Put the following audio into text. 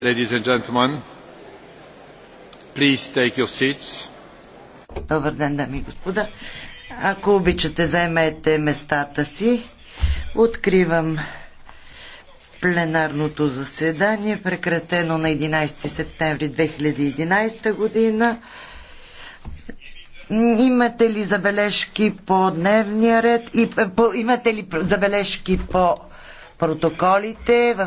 Ladies and gentlemen, please take your seats. Добър ден, дами и господа. Ако обичате, заемете местата си. Откривам пленарното заседание, прекратено на 11 септември 2011 година. Имате ли забележки по дневния ред и по, имате ли забележки по протоколите в